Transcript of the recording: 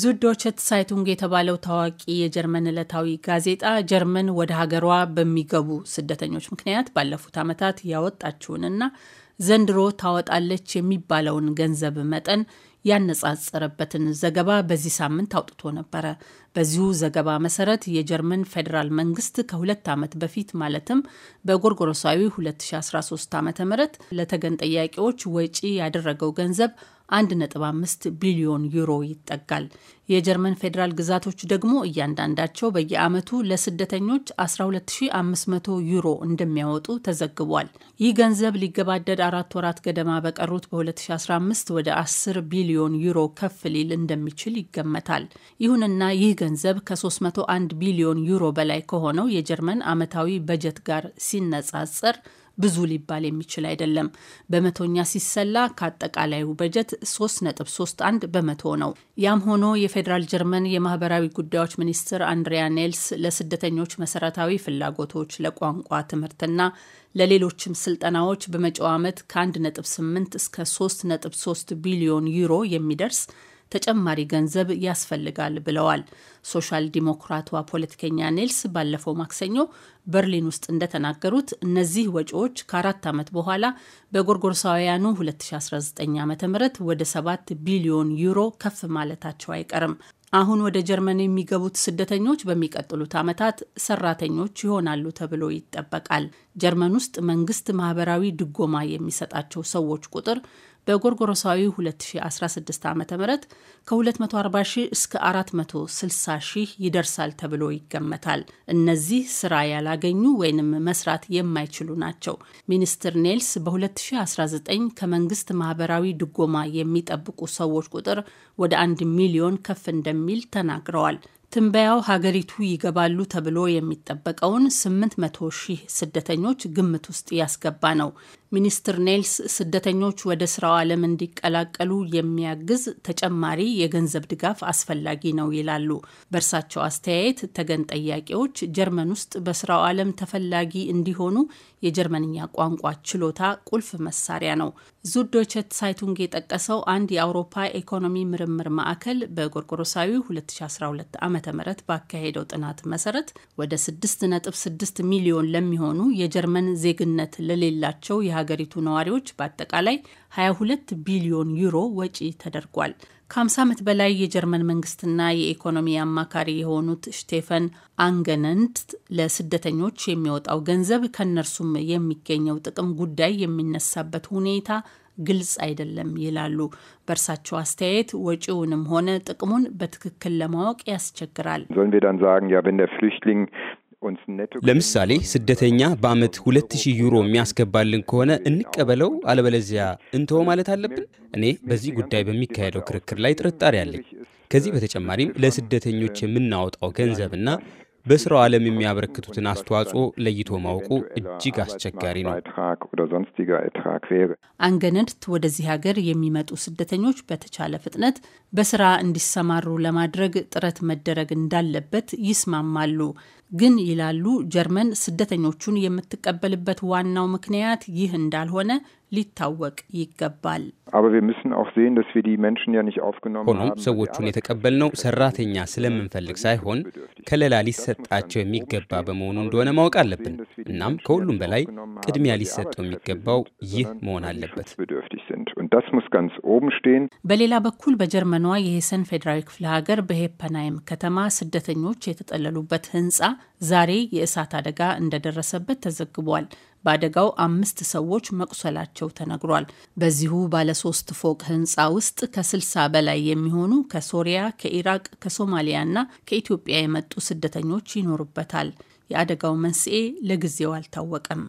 ዙዶቸት ሳይቱንግ የተባለው ታዋቂ የጀርመን ዕለታዊ ጋዜጣ ጀርመን ወደ ሀገሯ በሚገቡ ስደተኞች ምክንያት ባለፉት ዓመታት ያወጣችውንና ዘንድሮ ታወጣለች የሚባለውን ገንዘብ መጠን ያነጻጸረበትን ዘገባ በዚህ ሳምንት አውጥቶ ነበረ። በዚሁ ዘገባ መሰረት የጀርመን ፌዴራል መንግስት ከሁለት ዓመት በፊት ማለትም በጎርጎሮሳዊ 2013 ዓ ም ለተገን ጠያቂዎች ወጪ ያደረገው ገንዘብ 1.5 ቢሊዮን ዩሮ ይጠጋል። የጀርመን ፌዴራል ግዛቶች ደግሞ እያንዳንዳቸው በየዓመቱ ለስደተኞች 12500 ዩሮ እንደሚያወጡ ተዘግቧል። ይህ ገንዘብ ሊገባደድ አራት ወራት ገደማ በቀሩት በ2015 ወደ 10 ቢሊዮን ዩሮ ከፍ ሊል እንደሚችል ይገመታል። ይሁንና ይህ ገንዘብ ከ301 ቢሊዮን ዩሮ በላይ ከሆነው የጀርመን ዓመታዊ በጀት ጋር ሲነጻጸር ብዙ ሊባል የሚችል አይደለም። በመቶኛ ሲሰላ ከአጠቃላዩ በጀት 3.31 በመቶ ነው። ያም ሆኖ የፌዴራል ጀርመን የማህበራዊ ጉዳዮች ሚኒስትር አንድሪያ ኔልስ ለስደተኞች መሰረታዊ ፍላጎቶች ለቋንቋ ትምህርትና ለሌሎችም ስልጠናዎች በመጪው ዓመት ከ1.8 እስከ 3.3 ቢሊዮን ዩሮ የሚደርስ ተጨማሪ ገንዘብ ያስፈልጋል ብለዋል። ሶሻል ዲሞክራቷ ፖለቲከኛ ኔልስ ባለፈው ማክሰኞ በርሊን ውስጥ እንደተናገሩት እነዚህ ወጪዎች ከአራት ዓመት በኋላ በጎርጎርሳውያኑ 2019 ዓ ም ወደ 7 ቢሊዮን ዩሮ ከፍ ማለታቸው አይቀርም። አሁን ወደ ጀርመን የሚገቡት ስደተኞች በሚቀጥሉት ዓመታት ሰራተኞች ይሆናሉ ተብሎ ይጠበቃል። ጀርመን ውስጥ መንግስት ማህበራዊ ድጎማ የሚሰጣቸው ሰዎች ቁጥር በጎርጎሮሳዊ 2016 ዓ ም ከ240 ሺህ እስከ 460 ሺህ ይደርሳል ተብሎ ይገመታል። እነዚህ ስራ ያላገኙ ወይንም መስራት የማይችሉ ናቸው። ሚኒስትር ኔልስ በ2019 ከመንግስት ማህበራዊ ድጎማ የሚጠብቁ ሰዎች ቁጥር ወደ አንድ ሚሊዮን ከፍ እንደሚ እንደሚል ተናግረዋል። ትንበያው ሀገሪቱ ይገባሉ ተብሎ የሚጠበቀውን 800 ሺህ ስደተኞች ግምት ውስጥ ያስገባ ነው። ሚኒስትር ኔልስ ስደተኞች ወደ ስራው ዓለም እንዲቀላቀሉ የሚያግዝ ተጨማሪ የገንዘብ ድጋፍ አስፈላጊ ነው ይላሉ። በእርሳቸው አስተያየት ተገን ጠያቂዎች ጀርመን ውስጥ በስራው ዓለም ተፈላጊ እንዲሆኑ የጀርመንኛ ቋንቋ ችሎታ ቁልፍ መሳሪያ ነው። ዙዶቸት ሳይቱንግ የጠቀሰው አንድ የአውሮፓ ኢኮኖሚ ምርምር ማዕከል በጎርጎሮሳዊ 2012 ዓ ም ባካሄደው ጥናት መሰረት ወደ 6.6 ሚሊዮን ለሚሆኑ የጀርመን ዜግነት ለሌላቸው የሀገሪቱ ነዋሪዎች በአጠቃላይ 22 ቢሊዮን ዩሮ ወጪ ተደርጓል። ከ50 ዓመት በላይ የጀርመን መንግስትና የኢኮኖሚ አማካሪ የሆኑት ሽቴፈን አንገነንት ለስደተኞች የሚወጣው ገንዘብ ከእነርሱም የሚገኘው ጥቅም ጉዳይ የሚነሳበት ሁኔታ ግልጽ አይደለም ይላሉ። በእርሳቸው አስተያየት ወጪውንም ሆነ ጥቅሙን በትክክል ለማወቅ ያስቸግራል። ለምሳሌ ስደተኛ በዓመት ሁለት ዩሮ የሚያስገባልን ከሆነ እንቀበለው፣ አለበለዚያ እንተወ ማለት አለብን? እኔ በዚህ ጉዳይ በሚካሄደው ክርክር ላይ ጥርጣሬ አለኝ። ከዚህ በተጨማሪም ለስደተኞች የምናወጣው ገንዘብና በስራው ዓለም የሚያበረክቱትን አስተዋጽኦ ለይቶ ማወቁ እጅግ አስቸጋሪ ነው። አንገነድት ወደዚህ ሀገር የሚመጡ ስደተኞች በተቻለ ፍጥነት በስራ እንዲሰማሩ ለማድረግ ጥረት መደረግ እንዳለበት ይስማማሉ። ግን ይላሉ ጀርመን ስደተኞቹን የምትቀበልበት ዋናው ምክንያት ይህ እንዳልሆነ ሊታወቅ ይገባል። ሆኖም ሰዎቹን የተቀበልነው ሰራተኛ ስለምንፈልግ ሳይሆን ከለላ ሊሰጣቸው የሚገባ በመሆኑ እንደሆነ ማወቅ አለብን። እናም ከሁሉም በላይ ቅድሚያ ሊሰጠው የሚገባው ይህ መሆን አለበት። በሌላ በኩል በጀርመኗ የሄሰን ፌዴራዊ ክፍለ ሀገር በሄፐናይም ከተማ ስደተኞች የተጠለሉበት ህንፃ ዛሬ የእሳት አደጋ እንደደረሰበት ተዘግቧል። በአደጋው አምስት ሰዎች መቁሰላቸው ተነግሯል። በዚሁ ባለ የሶስት ፎቅ ህንፃ ውስጥ ከ60 በላይ የሚሆኑ ከሶሪያ፣ ከኢራቅ፣ ከሶማሊያ እና ከኢትዮጵያ የመጡ ስደተኞች ይኖሩበታል። የአደጋው መንስኤ ለጊዜው አልታወቀም።